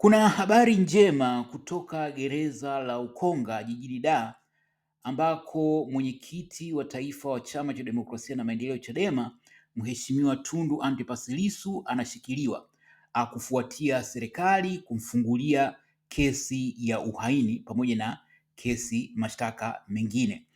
Kuna habari njema kutoka gereza la Ukonga jijini Dar ambako mwenyekiti wa taifa wa Chama cha Demokrasia na Maendeleo Chadema, Mheshimiwa Tundu Antipas Lissu anashikiliwa akufuatia serikali kumfungulia kesi ya uhaini pamoja na kesi mashtaka mengine.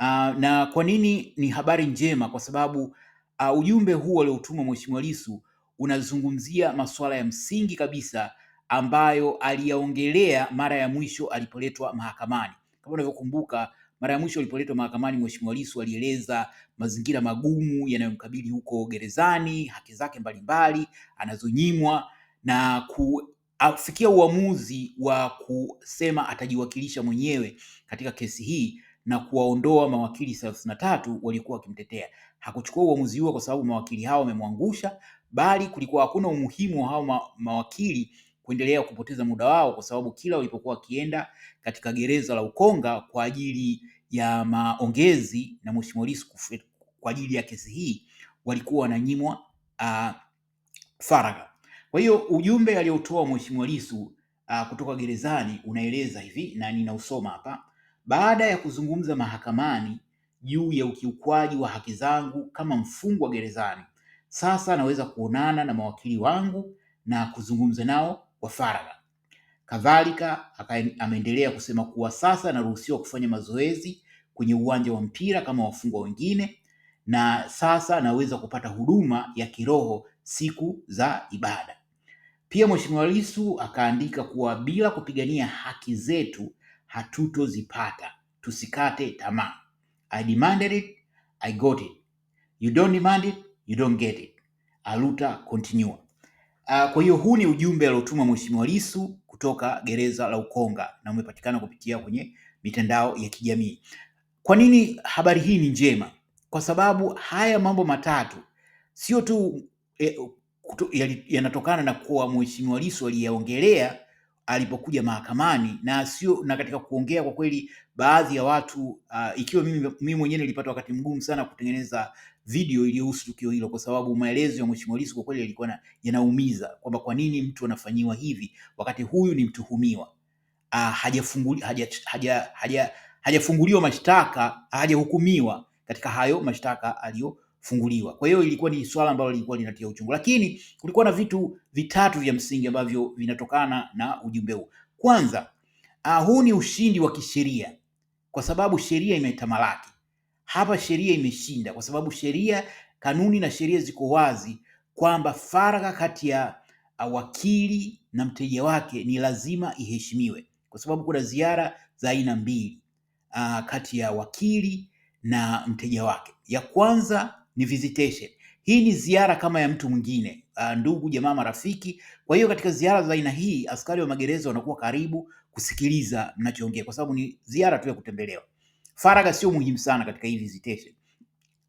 Aa, ah, na kwa nini ni habari njema? Kwa sababu aa, ah, ujumbe huu alioutuma Mheshimiwa Lissu unazungumzia masuala ya msingi kabisa ambayo aliyaongelea mara ya mwisho alipoletwa mahakamani. Kama unavyokumbuka, mara ya mwisho alipoletwa mahakamani, Mheshimiwa Lissu alieleza mazingira magumu yanayomkabili huko gerezani, haki zake mbalimbali anazonyimwa na ku afikia uamuzi wa kusema atajiwakilisha mwenyewe katika kesi hii na kuwaondoa mawakili thelathini na tatu waliokuwa wakimtetea. Hakuchukua uamuzi huo kwa sababu mawakili hao wamemwangusha, bali kulikuwa hakuna umuhimu wa hao ma mawakili kuendelea kupoteza muda wao, kwa sababu kila walipokuwa wakienda katika gereza la Ukonga kwa ajili ya maongezi na Mheshimiwa Lissu kwa ajili ya kesi hii walikuwa wananyimwa uh, faragha. Kwa hiyo ujumbe aliotoa Mheshimiwa Lissu uh, kutoka gerezani unaeleza hivi na ninausoma hapa: baada ya kuzungumza mahakamani juu ya ukiukwaji wa haki zangu kama mfungwa gerezani, sasa naweza kuonana na mawakili wangu na kuzungumza nao kwa faragha. Kadhalika ameendelea kusema kuwa sasa anaruhusiwa kufanya mazoezi kwenye uwanja wa mpira kama wafungwa wengine, na sasa anaweza kupata huduma ya kiroho siku za ibada. Pia Mheshimiwa Lissu akaandika kuwa bila kupigania haki zetu hatutozipata, tusikate tamaa. I demanded it, I got it. You don't demand it, you don't get it. Aluta continue. Uh, kwa hiyo huu ni ujumbe aliotumwa Mheshimiwa Lissu kutoka gereza la Ukonga na umepatikana kupitia kwenye mitandao ya kijamii. Kwa nini habari hii ni njema? Kwa sababu haya mambo matatu sio tu eh, yanatokana na kuwa Mheshimiwa Lissu aliyaongelea alipokuja mahakamani na sio na katika kuongea kwa kweli, baadhi ya watu uh, ikiwa mimi, mimi mwenyewe nilipata wakati mgumu sana kutengeneza video iliyohusu tukio hilo, kwa sababu maelezo ya Mheshimiwa Lissu kwa kweli yalikuwa yanaumiza, kwamba kwa nini mtu anafanyiwa hivi wakati huyu ni mtuhumiwa uh, ah, hajafunguliwa haja, haja, haja, haja mashtaka hajahukumiwa katika hayo mashtaka aliyo funguliwa. Kwa hiyo ilikuwa ni swala ambalo lilikuwa linatia uchungu, lakini kulikuwa na vitu vitatu vya msingi ambavyo vinatokana na ujumbe huu. Kwanza, uh, huu ni ushindi wa kisheria kwa sababu sheria imetamalaki hapa, sheria imeshinda kwa sababu sheria, kanuni na sheria ziko wazi kwamba faragha kati ya ah, wakili na mteja wake ni lazima iheshimiwe, kwa sababu kuna ziara za aina mbili uh, kati ya wakili na mteja wake. Ya kwanza ni visitation. Hii ni ziara kama ya mtu mwingine, ah, ndugu jamaa, marafiki. Kwa hiyo katika ziara za aina hii askari wa magereza wanakuwa karibu kusikiliza mnachoongea, kwa sababu ni ziara tu ya kutembelewa. Faragha sio muhimu sana katika hii visitation.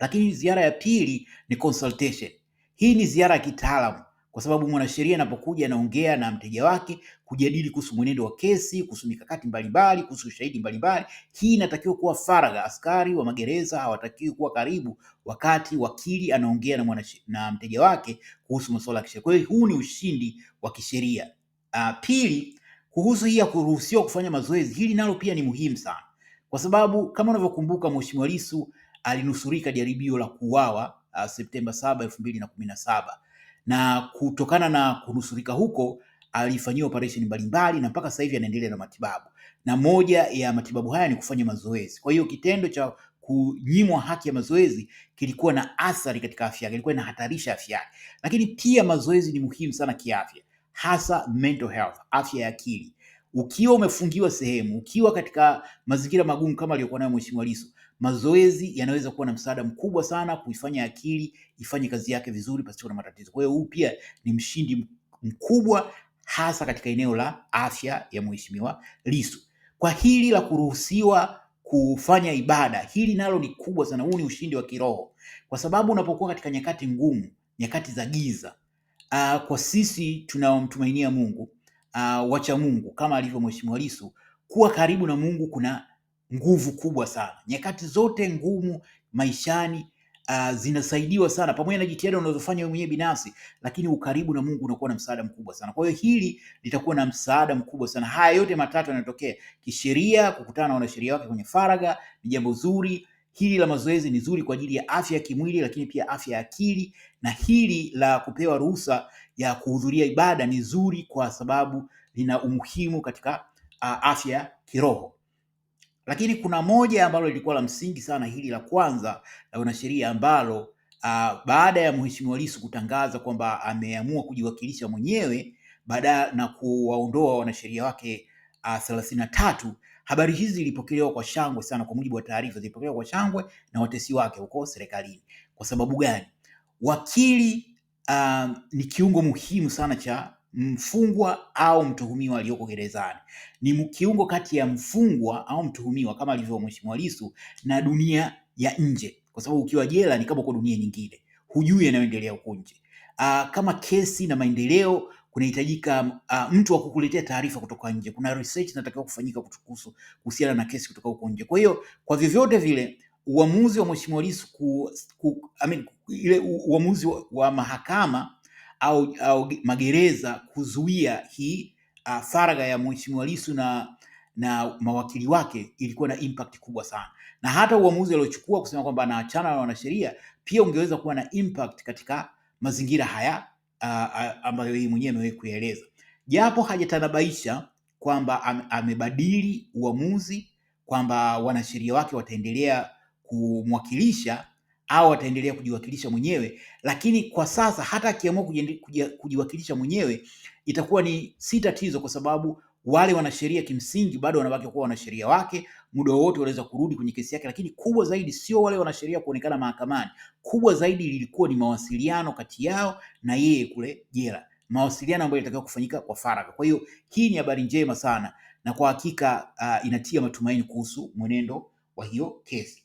Lakini ziara ya pili ni consultation. Hii ni ziara ya kitaalamu kwa sababu mwanasheria anapokuja anaongea na mteja wake kujadili kuhusu mwenendo wa kesi, kuhusu mikakati mbalimbali, kuhusu ushahidi mbalimbali. Hii inatakiwa kuwa faragha. Askari wa magereza hawatakiwi kuwa karibu wakati wakili anaongea na, mwana, na mteja wake kuhusu masuala ya kisheria. Kwa hiyo huu ni ushindi wa kisheria. Uh, pili, kuhusu hii ya kuruhusiwa kufanya mazoezi, hili nalo pia ni muhimu sana, kwa sababu kama unavyokumbuka Mheshimiwa Lissu alinusurika jaribio la kuuawa uh, Septemba 7, 2017 na kutokana na kunusurika huko alifanyiwa operesheni mbalimbali na mpaka sasa hivi anaendelea na matibabu, na moja ya matibabu haya ni kufanya mazoezi. Kwa hiyo kitendo cha kunyimwa haki ya mazoezi kilikuwa na athari katika afya yake, ilikuwa inahatarisha afya yake. Lakini pia mazoezi ni muhimu sana kiafya, hasa mental health, afya ya akili. Ukiwa umefungiwa sehemu, ukiwa katika mazingira magumu kama aliyokuwa nayo Mheshimiwa Lissu, Mazoezi yanaweza kuwa na msaada mkubwa sana kuifanya akili ifanye kazi yake vizuri pasipo na matatizo. Kwa hiyo huu pia ni mshindi mkubwa hasa katika eneo la afya ya Mheshimiwa Lissu. Kwa hili la kuruhusiwa kufanya ibada, hili nalo ni kubwa sana. Huu ni ushindi wa kiroho, kwa sababu unapokuwa katika nyakati ngumu, nyakati za giza, uh, kwa sisi tunaomtumainia Mungu, uh, wacha Mungu kama alivyo Mheshimiwa Lissu, kuwa karibu na Mungu kuna nguvu kubwa sana. Nyakati zote ngumu maishani uh, zinasaidiwa sana pamoja na jitihada unazofanya wewe mwenyewe binafsi, lakini ukaribu na Mungu unakuwa na msaada mkubwa sana. Kwa hiyo hili litakuwa na msaada mkubwa sana. Haya yote matatu yanayotokea kisheria, kukutana na wanasheria wake kwenye faraga ni jambo zuri. Hili la mazoezi ni zuri kwa ajili ya afya ya kimwili, lakini pia afya ya akili, na hili la kupewa ruhusa ya kuhudhuria ibada ni zuri kwa sababu lina umuhimu katika uh, afya kiroho. Lakini kuna moja ambalo lilikuwa la msingi sana, hili la kwanza la wanasheria ambalo uh, baada ya Mheshimiwa Lissu kutangaza kwamba ameamua kujiwakilisha mwenyewe baada na kuwaondoa wanasheria wake ah, thelathini na tatu. Habari hizi zilipokelewa kwa shangwe sana, kwa mujibu wa taarifa zilipokelewa kwa shangwe na watesi wake huko serikalini. Kwa sababu gani? Wakili uh, ni kiungo muhimu sana cha mfungwa au mtuhumiwa aliyoko gerezani. Ni kiungo kati ya mfungwa au mtuhumiwa kama alivyo Mheshimiwa Lissu na dunia ya nje, kwa sababu ukiwa jela ni kama uko dunia nyingine, hujui yanayoendelea huko nje. Ah, kama kesi na maendeleo kunahitajika uh, mtu wa kukuletea taarifa kutoka nje. Kuna research inatakiwa kufanyika kutukusu kuhusiana na kesi kutoka huko nje. Kwa hiyo kwa vyovyote vile uamuzi wa Mheshimiwa Lissu ku, ku, I mean, ile uamuzi wa, wa mahakama au, au magereza kuzuia hii uh, ah, faragha ya Mheshimiwa Lissu na na mawakili wake ilikuwa na impact kubwa sana, na hata uamuzi aliochukua kusema kwamba anaachana na wanasheria pia ungeweza kuwa na impact katika mazingira haya uh, ambayo yeye mwenyewe amewahi kueleza, japo hajatanabaisha kwamba am, amebadili uamuzi kwamba wanasheria wake wataendelea kumwakilisha au ataendelea kujiwakilisha mwenyewe, lakini kwa sasa hata akiamua kujiwakilisha mwenyewe itakuwa ni si tatizo, kwa sababu wale wanasheria kimsingi bado wanabaki kuwa wanasheria wake, muda wowote wanaweza kurudi kwenye kesi yake. Lakini kubwa zaidi sio wale wanasheria kuonekana mahakamani, kubwa zaidi lilikuwa ni mawasiliano kati yao na yeye kule jela, mawasiliano ambayo yalitakiwa kufanyika kwa faragha. Kwa hiyo hii ni habari njema sana na kwa hakika uh, inatia matumaini kuhusu mwenendo wa hiyo kesi.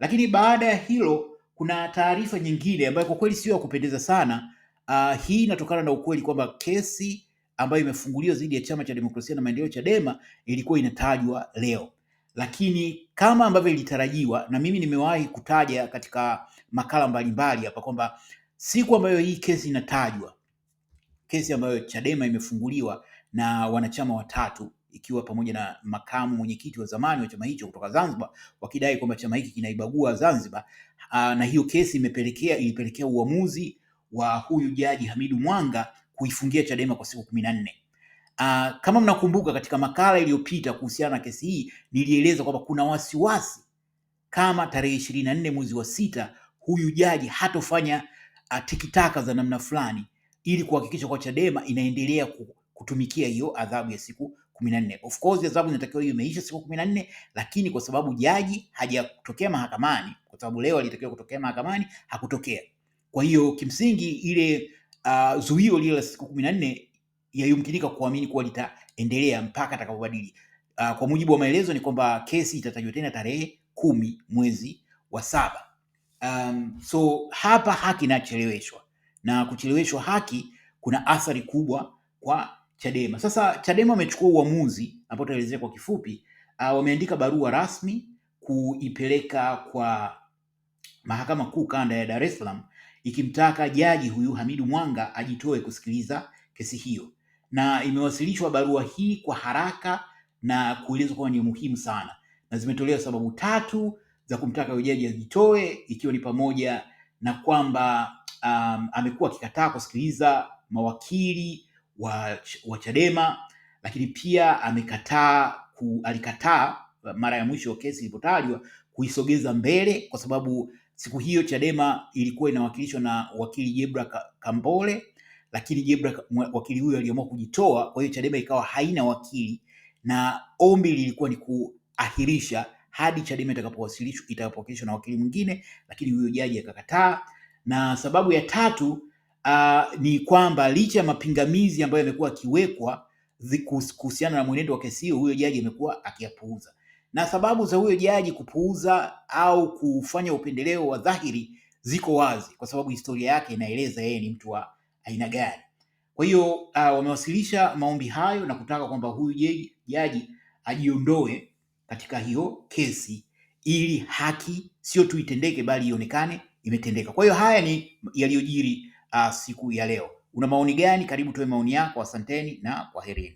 Lakini baada ya hilo kuna taarifa nyingine ambayo kwa kweli sio ya kupendeza sana. Uh, hii inatokana na ukweli kwamba kesi ambayo imefunguliwa dhidi ya Chama cha Demokrasia na Maendeleo Chadema ilikuwa inatajwa leo, lakini kama ambavyo ilitarajiwa, na mimi nimewahi kutaja katika makala mbalimbali hapa kwamba siku ambayo hii kesi inatajwa, kesi ambayo Chadema imefunguliwa na wanachama watatu ikiwa pamoja na makamu mwenyekiti wa zamani wa chama hicho kutoka Zanzibar wakidai kwamba chama hiki kinaibagua Zanzibar. Aa, ah, na hiyo kesi imepelekea ilipelekea uamuzi wa huyu jaji Hamidu Mwanga kuifungia Chadema kwa siku kumi na nne. Ah, kama mnakumbuka katika makala iliyopita kuhusiana na kesi hii nilieleza kwamba kuna wasiwasi kama tarehe ishirini na nne mwezi wa sita huyu jaji hatofanya ah, tikitaka za namna fulani ili kuhakikisha kwa Chadema inaendelea ku, kutumikia hiyo adhabu ya siku kumi na nne. Of course adhabu inatakiwa hiyo imeisha siku kumi na nne, lakini kwa sababu jaji hajatokea mahakamani, kwa sababu leo alitakiwa kutokea mahakamani hakutokea. Kwa hiyo kimsingi ile uh, zuio lile la siku kumi na nne yayumkinika kuamini kuwa litaendelea mpaka atakapobadili. Uh, kwa mujibu wa maelezo ni kwamba kesi itatajwa tena tarehe kumi mwezi wa saba. Um, so hapa haki inacheleweshwa na kucheleweshwa haki kuna athari kubwa kwa Chadema. Sasa Chadema wamechukua uamuzi ambao tutaelezea kwa kifupi. Uh, wameandika barua rasmi kuipeleka kwa Mahakama Kuu Kanda ya Dar es Salaam ikimtaka jaji huyu Hamidu Mwanga ajitoe kusikiliza kesi hiyo, na imewasilishwa barua hii kwa haraka na kuelezwa kwamba ni muhimu sana, na zimetolewa sababu tatu za kumtaka huyu jaji ajitoe, ikiwa ni pamoja na kwamba um, amekuwa akikataa kusikiliza mawakili wa, wa Chadema, lakini pia amekataa ku, alikataa mara ya mwisho kesi ilipotajwa kuisogeza mbele kwa sababu siku hiyo Chadema ilikuwa inawakilishwa na wakili Jebra Kambole, lakini Jebra wakili huyo aliamua kujitoa, kwa hiyo Chadema ikawa haina wakili na ombi lilikuwa ni kuahirisha hadi Chadema itakapowasilishwa itakapowasilishwa na wakili mwingine, lakini huyo jaji akakataa. Na sababu ya tatu Ah, ni kwamba licha ya mapingamizi ambayo yamekuwa akiwekwa kuhusiana na mwenendo wa kesi hiyo, huyo jaji amekuwa akiyapuuza, na sababu za huyo jaji kupuuza au kufanya upendeleo wa dhahiri ziko wazi, kwa sababu historia yake inaeleza yeye ni mtu wa aina gani. Kwa hiyo uh, wamewasilisha maombi hayo na kutaka kwamba huyu jaji ajiondoe katika hiyo kesi ili haki sio tu itendeke bali ionekane imetendeka. Kwa hiyo haya ni yaliyojiri uh, siku ya leo. Una maoni gani? Karibu tuwe maoni yako. Asanteni na kwaherini.